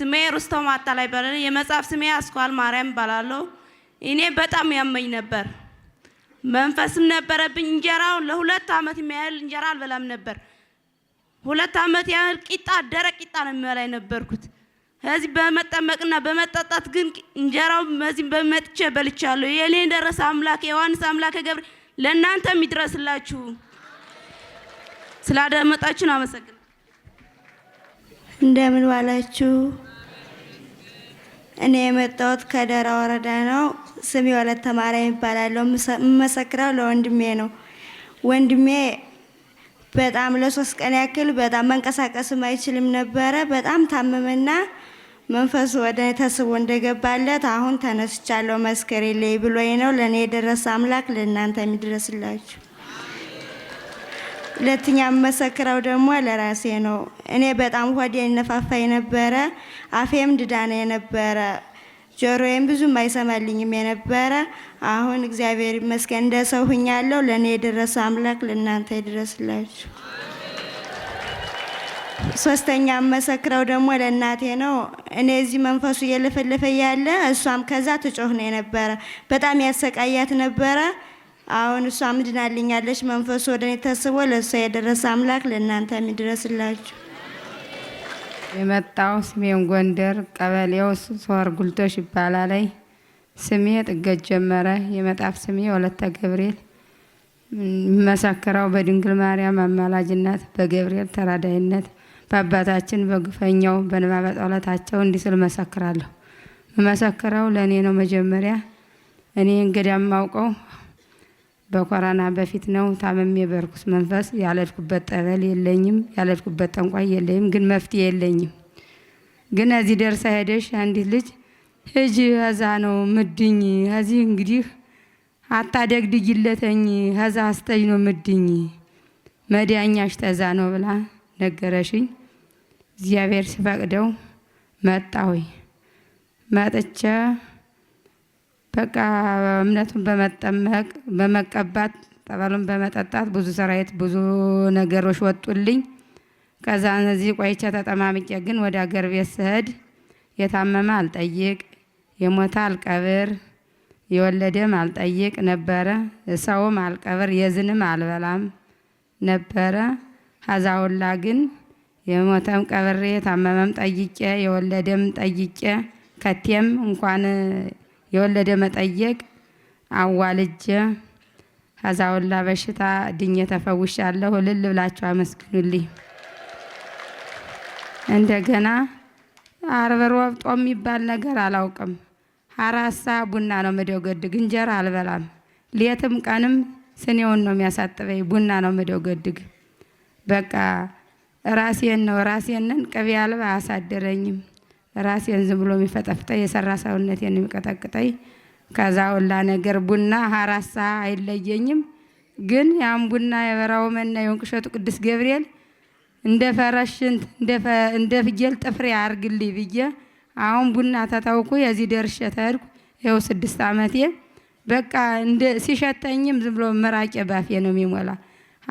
ስሜ ሩስተው ማታላይ ይባላል። የመጽሐፍ ስሜ አስኳል ማርያም ባላለው እኔ በጣም ያመኝ ነበር፣ መንፈስም ነበረብኝ። እንጀራውን ለሁለት ዓመት የሚያህል እንጀራ አልበላም ነበር። ሁለት ዓመት ያህል ቂጣ፣ ደረቅ ቂጣ ነው የሚበላ ነበርኩት። ከዚህ በመጠመቅና በመጠጣት ግን እንጀራው በዚህ በመጥቼ በልቻለሁ። የእኔ ደረሰ አምላክ የዮሐንስ አምላክ ገብር ለእናንተ የሚድረስላችሁ። ስላደመጣችሁን አመሰግናለሁ። እንደምን ዋላችሁ? እኔ የመጣሁት ከደራ ወረዳ ነው። ስሜ ወለት ተማራ ይባላለሁ። የምመሰክረው ለወንድሜ ነው። ወንድሜ በጣም ለሶስት ቀን ያክል በጣም መንቀሳቀስም አይችልም ነበረ። በጣም ታመመና መንፈሱ ወደ እኔ ተስቦ እንደገባለት አሁን ተነስቻለሁ መስከሬ ላይ ብሎኝ ነው። ለእኔ የደረሰ አምላክ ለእናንተ የሚድረስላችሁ። ሁለተኛ መሰክረው ደግሞ ለራሴ ነው። እኔ በጣም ሆዴ ይነፋፋ የነበረ አፌም ድዳና የነበረ ጆሮዬም ብዙም አይሰማልኝም የነበረ አሁን እግዚአብሔር ይመስገን እንደ ሰው ሁኛለሁ። ለእኔ የደረሰ አምላክ ለእናንተ ይድረስላችሁ። ሶስተኛ መሰክረው ደግሞ ለእናቴ ነው። እኔ እዚህ መንፈሱ እየለፈለፈ ያለ እሷም ከዛ ትጮህ ነው የነበረ በጣም ያሰቃያት ነበረ አሁን እሷ ምድናልኛለች። መንፈሱ ወደ እኔ ተስቦ ለእሷ የደረሰ አምላክ ለእናንተ የሚድረስላችሁ። የመጣው ስሜን ጎንደር ቀበሌው ሶር ጉልቶሽ ይባላለኝ። ስሜ ጥገት ጀመረ። የመጣፍ ስሜ ወለተ ገብርኤል የሚመሰክረው በድንግል ማርያም አማላጅነት በገብርኤል ተራዳይነት በአባታችን በግፈኛው በንባ በጸሎታቸው እንዲህ ስል መሰክራለሁ። መሰክረው ለእኔ ነው መጀመሪያ እኔ እንግዳ የማውቀው በኮራና በፊት ነው ታመሜ በርኩስ መንፈስ ያለድኩበት ጠበል የለኝም፣ ያለድኩበት ጠንቋይ የለኝም፣ ግን መፍትሄ የለኝም። ግን እዚህ ደርሳ ሄደሽ አንዲት ልጅ እጅ እዛ ነው ምድኝ እዚህ እንግዲህ አታደግድጊለተኝ እዛ አስተኝ ነው ምድኝ መዳኛሽ ተዛ ነው ብላ ነገረሽኝ። እግዚአብሔር ሲፈቅደው መጣሁኝ መጥቼ በቃ እምነቱን በመጠመቅ በመቀባት ጠበሉን በመጠጣት ብዙ ሰራዊት ብዙ ነገሮች ወጡልኝ። ከዛ እነዚህ ቆይቼ ተጠማምቄ ግን ወደ አገር ቤት ስሄድ የታመመ አልጠይቅ፣ የሞተ አልቀብር፣ የወለደም አልጠይቅ ነበረ። ሰውም አልቀብር፣ የዝንም አልበላም ነበረ። ሀዛውላ ግን የሞተም ቀብሬ የታመመም ጠይቄ የወለደም ጠይቄ ከቴም እንኳን የወለደ መጠየቅ አዋልጀ ከዛውላ በሽታ ድኜ ተፈውሻለሁ። ልል ብላችሁ አመስግኑልኝ። እንደገና አርበር ወብጦ የሚባል ነገር አላውቅም። አራሳ ቡና ነው ገድግ እንጀራ አልበላም። ሌትም ቀንም ስኔውን ነው የሚያሳጥበኝ። ቡና ነው ገድግ በቃ ራሴን ነው ራሴንን ቅቤ አልባ አሳደረኝም። ራሴን ዝም ብሎ የሚፈጠፍጠ የሰራ ሰውነቴን የሚቀጠቅጠኝ ከዛ ሁላ ነገር ቡና ሀራሳ አይለየኝም። ግን ያም ቡና የበራው መና የወንቅ እሸቱ ቅዱስ ገብርኤል እንደ ፈረሽንት እንደ ፍየል ጥፍሬ አርግልኝ ብዬ አሁን ቡና ተታውኩ የዚህ ደርሼ ተሄድኩ። ይኸው ስድስት ዓመቴ በቃ ሲሸተኝም ዝም ብሎ መራቄ ባፌ ነው የሚሞላ።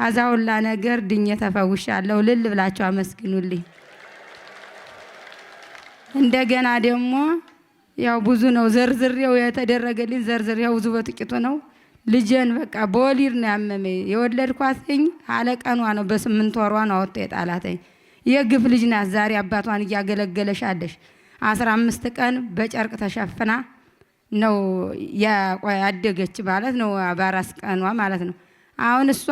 አዛውላ ነገር ድኜ ተፈውሻለሁ። ልል ብላቸው አመስግኑልኝ። እንደገና ደግሞ ያው ብዙ ነው ዘርዝሬው የተደረገልኝ ዘርዝሬው ብዙ በጥቂቱ ነው። ልጄን በቃ በወሊድ ነው ያመመኝ። የወለድኳትኝ አለቀኗ ነው በስምንት ወሯ ነው አወጣ የጣላትኝ። የግፍ ልጅ ናት። ዛሬ አባቷን እያገለገለሽ አለሽ። አስራ አምስት ቀን በጨርቅ ተሸፍና ነው ያደገች ማለት ነው። በአራስ ቀኗ ማለት ነው። አሁን እሷ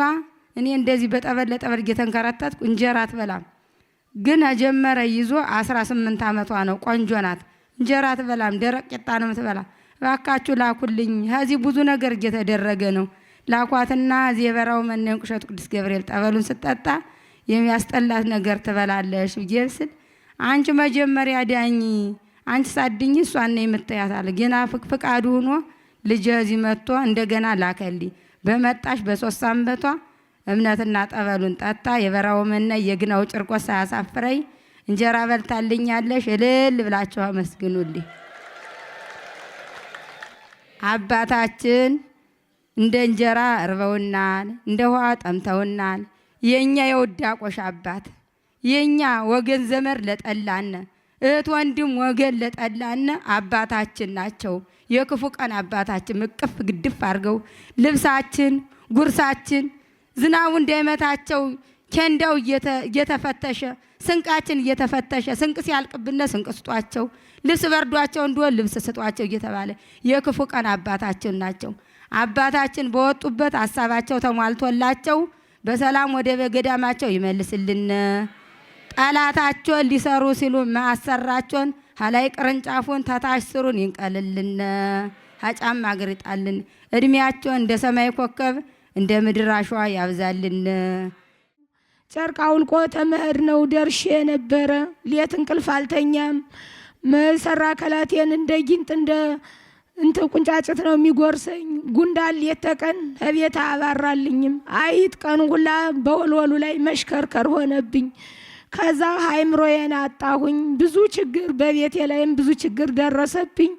እኔ እንደዚህ በጠበል ለጠበል እየተንከራተትኩ እንጀራ አትበላም። ግን ጀመረ ይዞ አስራ ስምንት ዓመቷ ነው። ቆንጆ ናት። እንጀራ ትበላም፣ ደረቅ ቂጣ ነው ትበላ። እባካችሁ ላኩልኝ። ከዚህ ብዙ ነገር እየተደረገ ነው። ላኳትና ዜበራው መነን ቁሸት ቅዱስ ገብርኤል ጠበሉን ስጠጣ የሚያስጠላት ነገር ትበላለሽ ብዬ ስል አንቺ መጀመሪያ ዳኝ አንቺ ሳድኝ እሷን ነው የምትያታል። ግና ፍቃዱ ሆኖ ልጅ እዚህ መጥቶ እንደገና ላከልኝ። በመጣሽ በሶስት ዓመቷ እምነትና ጠበሉን ጠጣ። መነ የግናው ጭርቆስ ሳያሳፍረኝ እንጀራ በልታልኛለሽ። እልል ብላችሁ አመስግኑልኝ። አባታችን እንደ እንጀራ እርበውናል፣ እንደ ውሃ ጠምተውናል። የእኛ የውዳቆሽ አባት የእኛ ወገን ዘመድ ለጠላነ እህት ወንድም ወገን ለጠላነ አባታችን ናቸው። የክፉ ቀን አባታችን እቅፍ ግድፍ አድርገው ልብሳችን ጉርሳችን ዝናቡ እንዳይመታቸው ኬንዳው እየተፈተሸ ስንቃችን እየተፈተሸ ስንቅ ሲያልቅብነ ስንቅ ስጧቸው፣ ልብስ በርዷቸው እንዲሆን ልብስ ስጧቸው እየተባለ የክፉ ቀን አባታችን ናቸው። አባታችን በወጡበት ሀሳባቸው ተሟልቶላቸው በሰላም ወደ ገዳማቸው ይመልስልን። ጠላታቸውን ሊሰሩ ሲሉ ማሰራቸውን ሀላይ ቅርንጫፉን ተታሽ ስሩን ይንቀልልን፣ ሀጫም አግሪጣልን እድሜያቸውን እንደ ሰማይ ኮከብ እንደ ምድር አሸዋ ያብዛልን። ጨርቅ አውልቆ ተመድ ነው ደርሼ ነበረ። ሌት እንቅልፍ አልተኛም። መሰራ ከላቴን እንደ ጊንጥ እንደ እንት ቁንጫጭት ነው የሚጎርሰኝ። ጉንዳን ሌት ተቀን አባራልኝም። አይት ቀን ሁላ በወልወሉ ላይ መሽከርከር ሆነብኝ። ከዛ አይምሮዬን አጣሁኝ። ብዙ ችግር በቤቴ ላይም ብዙ ችግር ደረሰብኝ።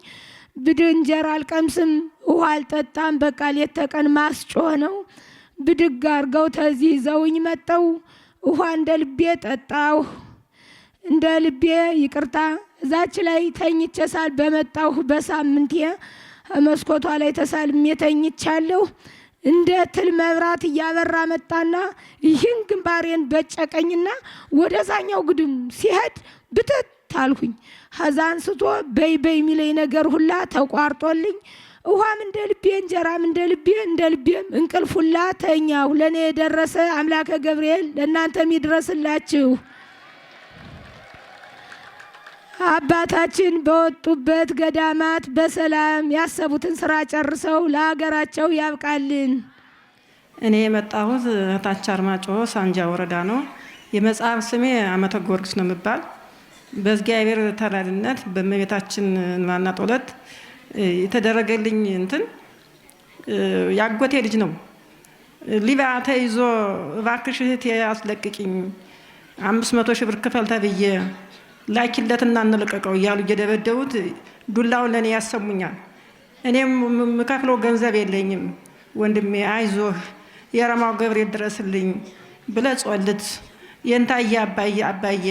ብድ እንጀራ አልቀምስም ውሃ አልጠጣም። በቃ ሌት ተቀን ማስጮህ ነው። ብድግ አርገው ተዚህ ይዘውኝ መጠው ውሃ እንደ ልቤ ጠጣሁ። እንደ ልቤ ይቅርታ እዛች ላይ ተኝቸሳል ሳል በመጣሁ በሳምንቴ መስኮቷ ላይ ተሳልሜ ተኝቻለሁ። እንደ ትል መብራት እያበራ መጣና ይህን ግንባሬን በጨቀኝና ወደ ዛኛው ግድም ሲሄድ ብትት አልኩኝ። ከዛ አንስቶ በይ በይ የሚለኝ ነገር ሁላ ተቋርጦልኝ ውሃም እንደ ልቤ እንጀራም እንደ ልቤ እንደ ልቤም እንቅልፉላ ተኛሁ። ለእኔ የደረሰ አምላከ ገብርኤል ለእናንተም ይድረስላችሁ። አባታችን በወጡበት ገዳማት በሰላም ያሰቡትን ስራ ጨርሰው ለሀገራቸው ያብቃልን። እኔ የመጣሁት እህታች አርማጮ ሳንጃ ወረዳ ነው። የመጽሐፍ ስሜ አመተ ጎርግስ ነው የምባል በእግዚአብሔር ተራድነት በእመቤታችን ማናጦለት የተደረገልኝ እንትን ያጎቴ ልጅ ነው። ሊቢያ ተይዞ እባክሽ እህቴ አስለቅቂኝ፣ አምስት መቶ ሺህ ብር ክፈል ተብዬ ላኪለትና እንለቀቀው እያሉ እየደበደቡት ዱላውን ለእኔ ያሰሙኛል። እኔም የምከፍለው ገንዘብ የለኝም፣ ወንድሜ አይዞህ፣ የረማው ገብርኤል ድረስልኝ ብለህ ጾልት የንታየ አባዬ አባዬ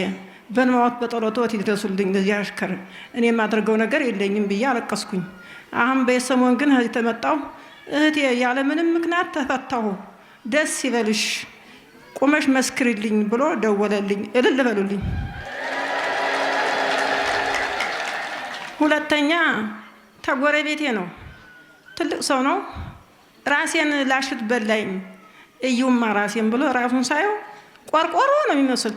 በንማዎት በጸሎቶት ይድረሱልኝ ለዚህ አሽከር እኔ የማደርገው ነገር የለኝም ብዬ አለቀስኩኝ። አሁን በየሰሞን ግን ተመጣው እህቴ ያለምንም ምክንያት ተፈታሁ። ደስ ይበልሽ፣ ቁመሽ መስክሪልኝ ብሎ ደወለልኝ። እልል በሉልኝ። ሁለተኛ ተጎረቤቴ ነው፣ ትልቅ ሰው ነው። ራሴን ላሽት በላኝ እዩማ ራሴን ብሎ ራሱን ሳየው ቆርቆሮ ነው የሚመስል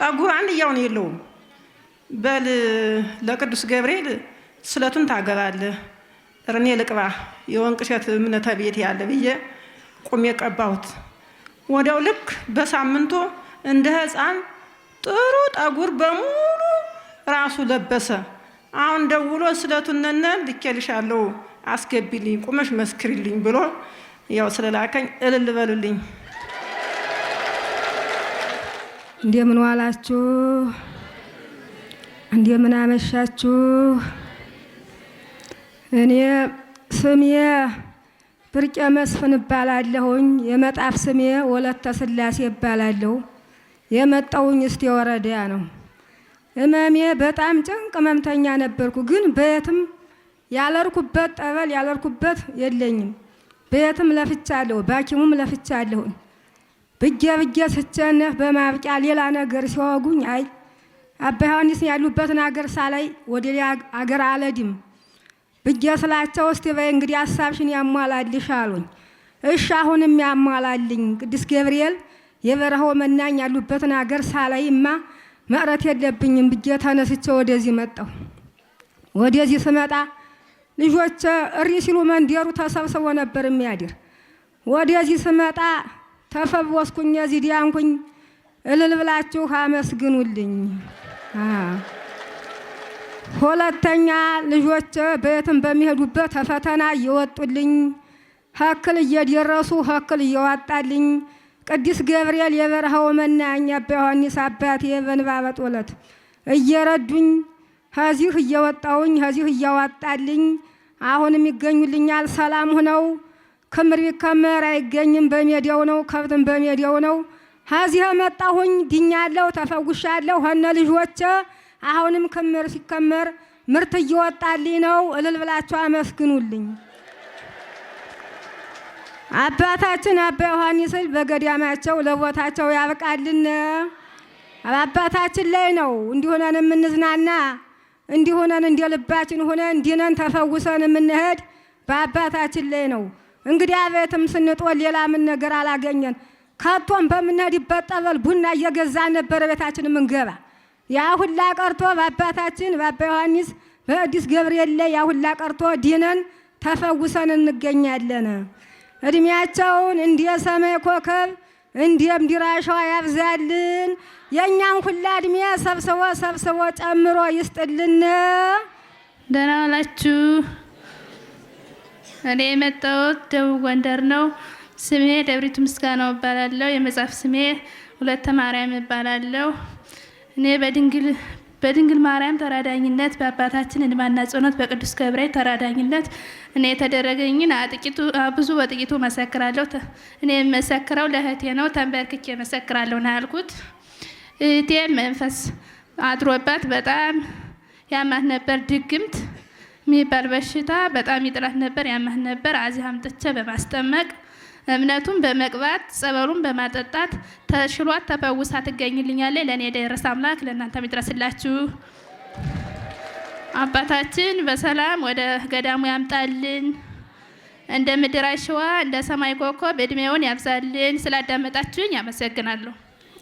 ጠጉር አንድያው ነው የለውም። በል ለቅዱስ ገብርኤል ስለቱን ታገባለህ፣ እርኔ ልቅባ የወንቅ እሸት እምነተ ቤት ያለ ብዬ ቁሜ ቀባሁት። ወዲያው ልክ በሳምንቱ እንደ ህፃን ጥሩ ጠጉር በሙሉ ራሱ ለበሰ። አሁን ደውሎ ስለቱን ነነ ልኬልሻለሁ፣ አስገቢልኝ፣ ቁመሽ መስክሪልኝ ብሎ ያው ስለላከኝ እልል በሉልኝ። እንደምን ዋላችሁ? እንደምን አመሻችሁ? እኔ ስሜ ብርቄ መስፍን እባላለሁኝ። የመጣፍ ስሜ ወለተ ስላሴ እባላለሁ። የመጣውኝ እስቴ ወረዳ ነው። እመሜ በጣም ጭንቅ ህመምተኛ ነበርኩ። ግን በየትም ያለርኩበት ጠበል ያለርኩበት የለኝም። በየትም ለፍቻለሁ፣ ባኪሙም ለፍቻለሁኝ ብጌ ብጌ ስጨነፍ በማብቂያ ሌላ ነገር ሲወጉኝ አይ አባ ዮሐንስ ያሉበትን አገር ሳላይ ወደ ሌላ አገር አለድም ብጌ ስላቸው እስቲ በይ እንግዲህ ሀሳብሽን ያሟላልሽ አሉኝ። እሺ አሁንም ያሟላልኝ ቅዱስ ገብርኤል የበረሃው መናኝ ያሉበትን አገር ሳላይማ መቅረት የለብኝም ብጌ ተነስቼ ወደዚህ መጣሁ። ወደዚህ ስመጣ ልጆች እሪ ሲሉ መንደሩ ተሰብስቦ ነበር የሚያድር። ወደዚህ ስመጣ ተፈወስኩኝ፣ እዚህ ዲያንኩኝ፣ እልል ብላችሁ አመስግኑልኝ። ሁለተኛ ልጆች ቤትን በሚሄዱበት ፈተና እየወጡልኝ ሀክል እየደረሱ ሀክል እየዋጣልኝ ቅዱስ ገብርኤል የበረሃው መናኝ አባ አባቴ በንባ እየረዱኝ ከዚህ እየወጣውኝ ከዚህ እያዋጣልኝ አሁንም ይገኙልኛል። ሰላም ሁነው ክምር ቢከመር አይገኝም በሜዳው ነው፣ ከብትም በሜዳው ነው። ከዚህ መጣሁኝ ድኛለሁ፣ ተፈውሻለሁ። ሆነ ልጆቼ አሁንም ክምር ሲከመር ምርት እየወጣልኝ ነው። እልል አመስግኑልኝ። አባታችን አባ ዮሐንስን በገዳማቸው ለቦታቸው ያብቃልን። አባታችን ላይ ነው እንዲሆነን የምንዝናና እንዲሆነን እንደ ልባችን ሆነን እንዲነን ተፈውሰን የምንሄድ በአባታችን ላይ ነው። እንግዲህ አቤትም ስንጦን ሌላ ምን ነገር አላገኘን። ከቶም በምንሄድበት ጠበል ቡና እየገዛ ነበረ ቤታችን ምንገባ። ያ ሁላ ቀርቶ በአባታችን በአባ ዮሐንስ በቅዱስ ገብርኤል ላይ ያ ሁላ ቀርቶ ዲነን ተፈውሰን እንገኛለን። እድሜያቸውን እንደ ሰማይ ኮከብ እንደ ዲራሻዋ ያብዛልን። የእኛን ሁላ እድሜ ሰብስቦ ሰብስቦ ጨምሮ ይስጥልን። ደህና ዋላችሁ። እኔ የመጣሁት ደቡብ ጎንደር ነው። ስሜ ደብሪቱ ምስጋናው እባላለሁ። የመጽሐፍ ስሜ ሁለተ ማርያም እባላለሁ። እኔ በድንግል በድንግል ማርያም ተራዳኝነት በአባታችን እንባና ጽኖት በቅዱስ ገብርኤል ተራዳኝነት እኔ የተደረገኝን ጥቂቱ ብዙ በጥቂቱ መሰክራለሁ። እኔ የመሰክረው ለእህቴ ነው። ተንበርክኬ መሰክራለሁ ነው ያልኩት። እህቴ መንፈስ አድሮባት በጣም ያማት ነበር ድግምት የሚባል በሽታ በጣም ይጥላት ነበር፣ ያመህ ነበር። አዚህ አምጥቼ በማስጠመቅ እምነቱን በመቅባት ጸበሉን በማጠጣት ተሽሏት ተፈውሳ ትገኝልኛለች። ለእኔ የደረሰ አምላክ ለእናንተም ይድረስላችሁ። አባታችን በሰላም ወደ ገዳሙ ያምጣልን። እንደ ምድር አሸዋ እንደ ሰማይ ኮከብ እድሜውን ያብዛልን። ስላዳመጣችሁኝ አመሰግናለሁ።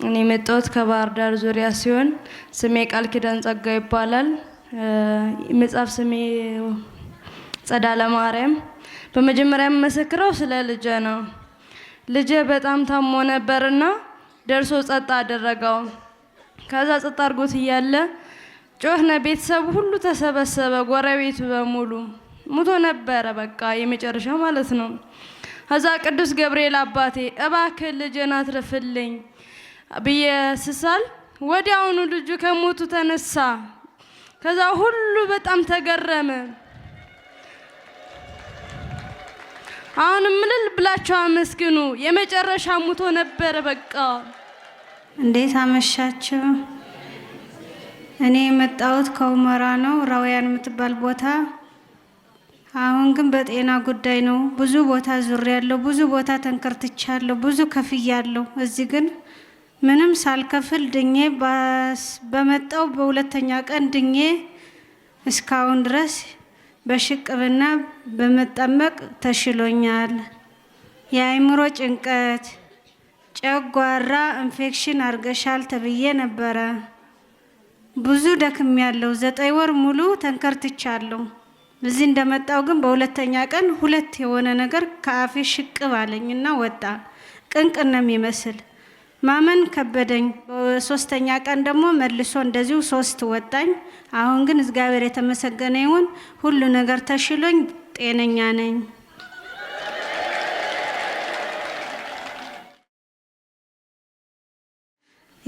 እኔ የመጣሁት ከባህር ዳር ዙሪያ ሲሆን ስሜ ቃል ኪዳን ጸጋ ይባላል። መጽሐፍ ስሜ ጸዳለ ማርያም። በመጀመሪያ የምመሰክረው ስለ ልጄ ነው። ልጄ በጣም ታሞ ነበርና ደርሶ ጸጥ አደረገው። ከዛ ጸጥ አድርጎት እያለ ጮህነ፣ ቤተሰቡ ሁሉ ተሰበሰበ፣ ጎረቤቱ በሙሉ ሙቶ ነበረ። በቃ የመጨረሻ ማለት ነው። ከዛ ቅዱስ ገብርኤል አባቴ እባክህ ልጄን አትርፍልኝ ብዬ ስሳል ወዲያውኑ ልጁ ከሞቱ ተነሳ። ከዛ ሁሉ በጣም ተገረመ። አሁን ምልል ብላቸው አመስግኑ። የመጨረሻ ሙቶ ነበረ። በቃ እንዴት አመሻችሁ። እኔ የመጣሁት ከሁመራ ነው፣ ራውያን የምትባል ቦታ። አሁን ግን በጤና ጉዳይ ነው። ብዙ ቦታ ያለው ብዙ ቦታ ተንከርትቻለሁ፣ ብዙ ከፍያለሁ። እዚህ ግን ምንም ሳልከፍል ድኜ በመጣው በሁለተኛ ቀን ድኜ እስካሁን ድረስ በሽቅብና በመጠመቅ ተሽሎኛል። የአእምሮ ጭንቀት፣ ጨጓራ ኢንፌክሽን አርገሻል ተብዬ ነበረ። ብዙ ደክም ያለው ዘጠኝ ወር ሙሉ ተንከርትቻለሁ። እዚህ እንደመጣው ግን በሁለተኛ ቀን ሁለት የሆነ ነገር ከአፌ ሽቅብ አለኝና ወጣ። ቅንቅን ነው የሚመስል ማመን ከበደኝ። በሶስተኛ ቀን ደግሞ መልሶ እንደዚሁ ሶስት ወጣኝ። አሁን ግን እግዚአብሔር የተመሰገነ ይሁን፣ ሁሉ ነገር ተሽሎኝ ጤነኛ ነኝ።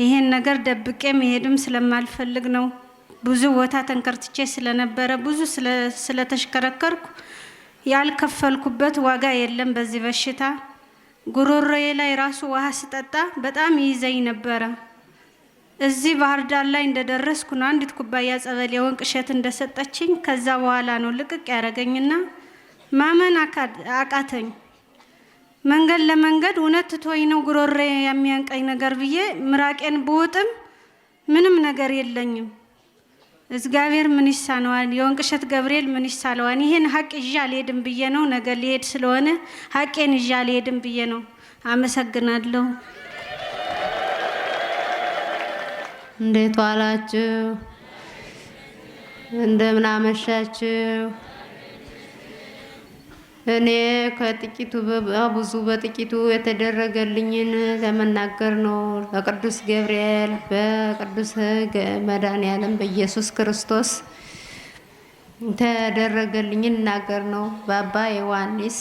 ይሄን ነገር ደብቄ መሄድም ስለማልፈልግ ነው። ብዙ ቦታ ተንከርትቼ ስለነበረ ብዙ ስለተሽከረከርኩ ያልከፈልኩበት ዋጋ የለም በዚህ በሽታ ጉሮሮዬ ላይ ራሱ ውሃ ስጠጣ በጣም ይይዘኝ ነበረ። እዚህ ባህር ዳር ላይ እንደደረስኩ ነው አንዲት ኩባያ ጸበል የወንቅ እሸት እንደሰጠችኝ። ከዛ በኋላ ነው ልቅቅ ያደረገኝና ማመን አቃተኝ። መንገድ ለመንገድ እውነት ትቶኝ ነው ጉሮሮዬ የሚያንቀኝ ነገር ብዬ ምራቄን ብውጥም ምንም ነገር የለኝም። እግዚአብሔር ምን ይሳነዋል? የወንቅሸት ገብርኤል ምን ይሳነዋል? ይህን ሀቅ ይዤ አልሄድም ብዬ ነው። ነገ ሊሄድ ስለሆነ ሀቄን ይዤ አልሄድም ብዬ ነው። አመሰግናለሁ። እንዴት ዋላችሁ? እንደምን አመሻችሁ? እኔ ከጥቂቱ ብዙ በጥቂቱ የተደረገልኝን ለመናገር ነው። በቅዱስ ገብርኤል በቅዱስ መድኃኔዓለም በኢየሱስ ክርስቶስ ተደረገልኝን እናገር ነው። በአባ ዮሐንስ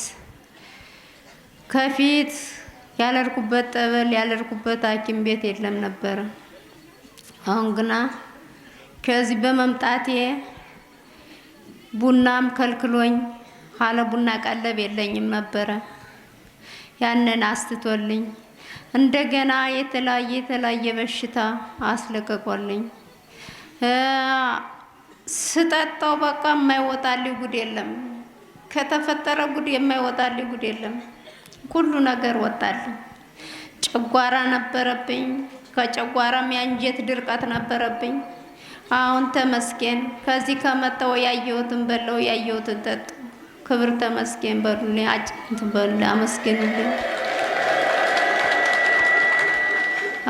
ከፊት ያለርኩበት ጠበል ያለርኩበት ሐኪም ቤት የለም ነበር። አሁን ግና ከዚህ በመምጣቴ ቡናም ከልክሎኝ ሀለቡና ቀለብ የለኝም ነበረ። ያንን አስትቶልኝ እንደገና የተለያየ የተለያየ በሽታ አስለቀቆልኝ። ስጠጣው በቃ የማይወጣልኝ ጉድ የለም። ከተፈጠረ ጉድ የማይወጣልኝ ጉድ የለም። ሁሉ ነገር ወጣልኝ። ጨጓራ ነበረብኝ። ከጨጓራም የአንጀት ድርቀት ነበረብኝ። አሁን ተመስገን ከዚህ ከመጣው ያየሁትን በለው ያየሁትን ጠጥ ክብር ተመስገን በሉልኝ። አጭንት በሉ አመስግኑልኝ።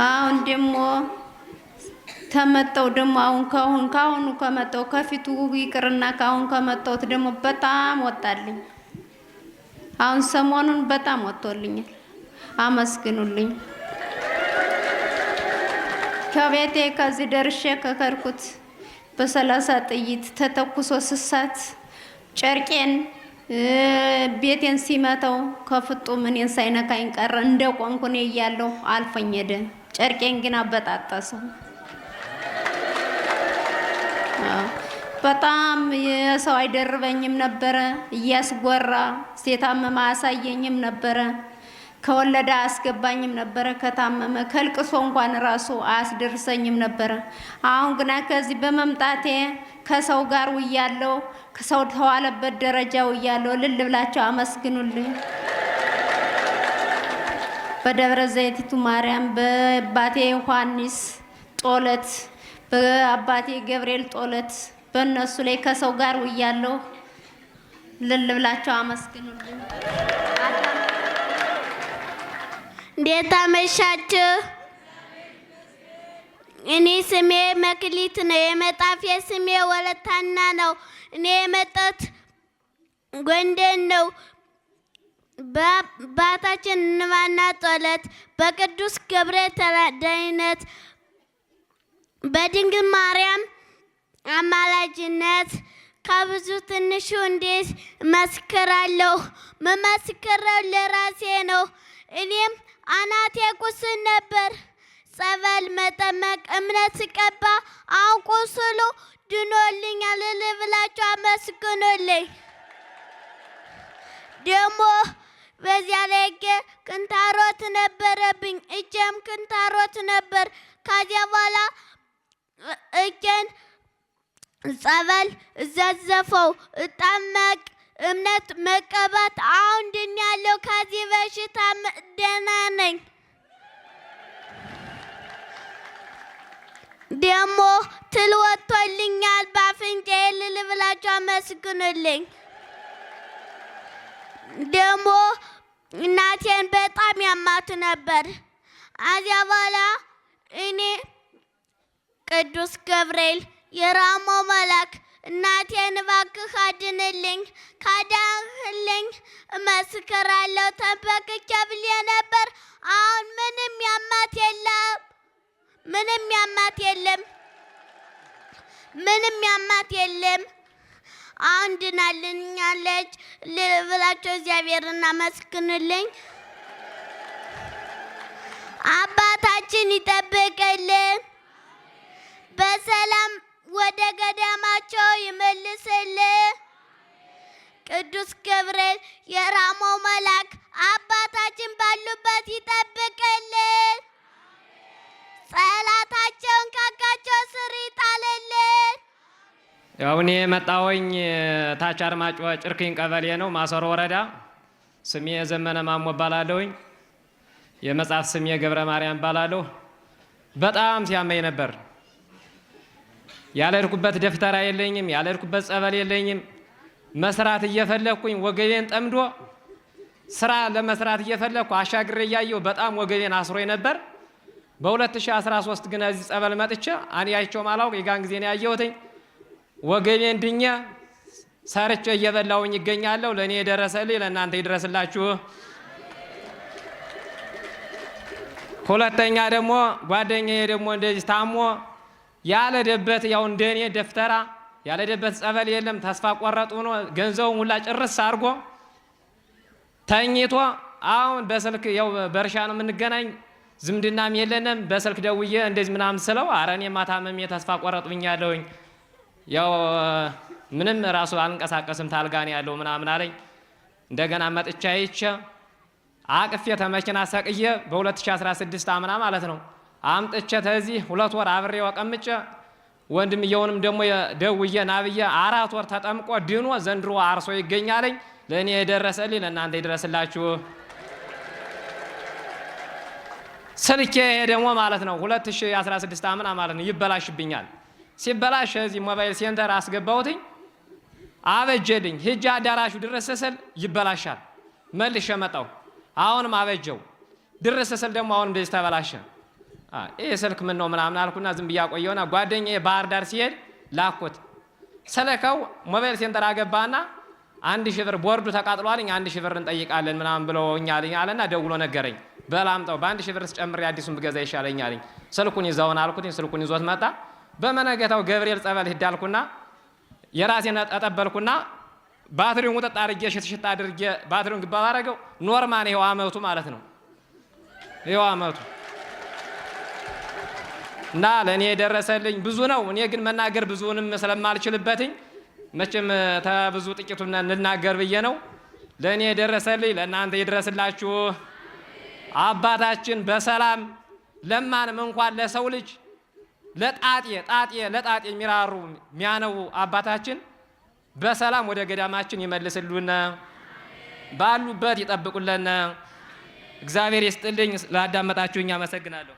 አሁን ደግሞ ተመጣው ደግሞ አሁን ካሁን ካሁኑ ከመጣው ከፊቱ ይቅርና ካሁን ከመጣውት ደግሞ በጣም ወጣልኝ። አሁን ሰሞኑን በጣም ወጥቶልኛል። አመስግኑልኝ። ከቤቴ ከዚህ ደርሼ ከከርኩት በሰላሳ ጥይት ተተኩሶ ስሳት ጨርቄን ቤቴን ሲመተው ከፍጡም እኔን ሳይነካኝ ቀረ። እንደ ቆንኩ እኔ እያለሁ አልፎኝ ሄደ። ጨርቄን ግን አበጣጠሰው። በጣም የሰው አይደርበኝም ነበረ። እያስጎራ የታመመ አያሳየኝም ነበረ። ከወለደ አያስገባኝም ነበረ። ከታመመ ከልቅሶ እንኳን ራሱ አያስደርሰኝም ነበረ። አሁን ግና ከዚህ በመምጣቴ ከሰው ጋር ውያለው ከሰው ተዋለበት ደረጃው እያለው እልል ብላቸው አመስግኑልኝ። በደብረ ዘይቲቱ ማርያም በአባቴ ዮሐንስ ጦለት በአባቴ ገብርኤል ጦለት በእነሱ ላይ ከሰው ጋር ውያለሁ። እልል ብላቸው አመስግኑልኝ። እንዴት አመሻችሁ? እኔ ስሜ መክሊት ነው። የመጣፊ ስሜ ወለታና ነው። እኔ የመጣት ጎንደን ነው። በአባታችን እንባና ጸሎት በቅዱስ ገብርኤል ተራዳኢነት በድንግል ማርያም አማላጅነት ከብዙ ትንሹ እንዴት መስክራለሁ? መመስክረው ለራሴ ነው። እኔም አናቴ ቁስል ነበር። ጸበል መጠመቅ እምነት ሲቀባ አሁን ቁስሉ ድኖልኛል። እልል ብላችሁ አመስግኑልኝ። ደግሞ በዚያ ላይ እጄ ክንታሮት ነበረብኝ። እጄም ክንታሮት ነበር። ከዚያ በኋላ እጄን ጸበል ዘዘፈው እጠመቅ እምነት መቀባት አሁን ድን ያለው ከዚህ በሽታ ደህና ነኝ። ደግሞ ትል ወጥቶልኛል በአፍንጫዬ ልል ብላችሁ አመስግኑልኝ። ደግሞ እናቴን በጣም ያማቱ ነበር። አዚያ በኋላ እኔ ቅዱስ ገብርኤል የራሞ መላክ እናቴን እባክህ አድንልኝ፣ ካዳህልኝ እመስክራለሁ ተንበርክኬ ብዬ ነበር። አሁን ምንም ያማት የለም። ምንም ያማት የለም፣ ምንም ያማት የለም። አሁን ድናልኛለች ብላቸው እግዚአብሔር እናመስግንልኝ። አባታችን ይጠብቅልን፣ በሰላም ወደ ገዳማቸው ይመልስልን። ቅዱስ ገብርኤል የራሞ መልአክ አባታችን ባሉበት ይጠብቅልን። ጠላታቸውን ካጋቸው ስር ይጣልልን። ያው እኔ የመጣወኝ ታች አርማጭሆ ጭርክኝ ቀበሌ ነው ማሰሮ ወረዳ። ስሜ ዘመነ ማሞ እባላለሁኝ። የመጽሐፍ ስሜ ገብረ ማርያም እባላለሁ። በጣም ሲያመኝ ነበር። ያለድኩበት ደፍተራ የለኝም፣ ያለድኩበት ጸበል የለኝም። መስራት እየፈለግኩኝ ወገቤን ጠምዶ ስራ ለመስራት እየፈለግኩ አሻግሬ እያየሁ በጣም ወገቤን አስሮኝ ነበር። በ2013 ግን እዚህ ጸበል መጥቼ አንያቸው ማላውቅ የጋን ጊዜ ነው ያየሁትኝ። ወገቤን ድኜ ሰርቼ እየበላውኝ ይገኛለሁ። ለእኔ የደረሰልኝ ለእናንተ ይድረስላችሁ። ሁለተኛ ደግሞ ጓደኛዬ ደግሞ እንደዚህ ታሞ ያለደበት ያው እንደኔ ደፍተራ ያለደበት ጸበል የለም። ተስፋ ቆረጡ ነው ገንዘቡን ሁላ ጭርስ አድርጎ ተኝቶ አሁን በስልክ ያው በእርሻ ነው የምንገናኝ ዝምድናም የለንም። በስልክ ደውዬ እንደዚህ ምናምን ስለው አረ እኔ ማታመም የተስፋ ቆረጥብኝ አለውኝ። ያው ምንም ራሱ አልንቀሳቀስም ታልጋኔ ያለው ምናምን አለኝ። እንደገና መጥቻ ይቼ አቅፌ ተመኪና ሰቅየ በ2016 አምና ማለት ነው አምጥቼ ተዚህ ሁለት ወር ወቀምጨ ወንድም የውንም ደግሞ ደውዬ ናብዬ አራት ወር ተጠምቆ ድኖ ዘንድሮ አርሶ ይገኛለኝ። ለእኔ የደረሰልኝ ለእናንተ ይድረስላችሁ። ስልኬ ይሄ ደግሞ ማለት ነው 2016 አምና ማለት ነው ይበላሽብኛል። ሲበላሽ እዚህ ሞባይል ሴንተር አስገባውትኝ አበጀልኝ። ሂጅ አዳራሹ ድረስ ስል ይበላሻል። መልሼ መጣሁ። አሁንም አበጀው ድረስ ስል ደግሞ አሁን እንደዚህ ተበላሸ። ይህ ስልክ ምን ነው ምናምን አልኩና ዝም ብዬ አቆየውና ጓደኛዬ ባህር ዳር ሲሄድ ላኩት። ስልከው ሞባይል ሴንተር አገባና አንድ ሺህ ብር ቦርዱ ተቃጥሏልኝ አንድ ሺህ ብር እንጠይቃለን ምናምን ብሎ ብለውኛልኝ አለና ደውሎ ነገረኝ። በላምጠው በአንድ ሺህ ብር ጨምሬ አዲሱን ብገዛ ይሻለኝ አለኝ። ስልኩን ይዘውን አልኩት። ስልኩን ይዞት መጣ። በመነገታው ገብርኤል ጸበል ሂዳልኩና የራሴን ጠጠበልኩና ባትሪውን ውጠጥ አድርጌ ሽትሽት አድርጌ ባትሪውን ግባ ባረገው ኖርማን ይኸው አመቱ ማለት ነው። ይኸው አመቱ እና ለእኔ የደረሰልኝ ብዙ ነው። እኔ ግን መናገር ብዙውንም ስለማልችልበትኝ መቼም ተብዙ ጥቂቱን ልናገር ብዬ ነው። ለእኔ የደረሰልኝ ለእናንተ ይድረስላችሁ። አባታችን በሰላም ለማንም እንኳን ለሰው ልጅ ለጣጤ ጣጤ ለጣጤ የሚራሩ የሚያነው አባታችን በሰላም ወደ ገዳማችን ይመልስሉን፣ ባሉበት ይጠብቁልን። እግዚአብሔር ይስጥልኝ። ስላዳመጣችሁኝ አመሰግናለሁ።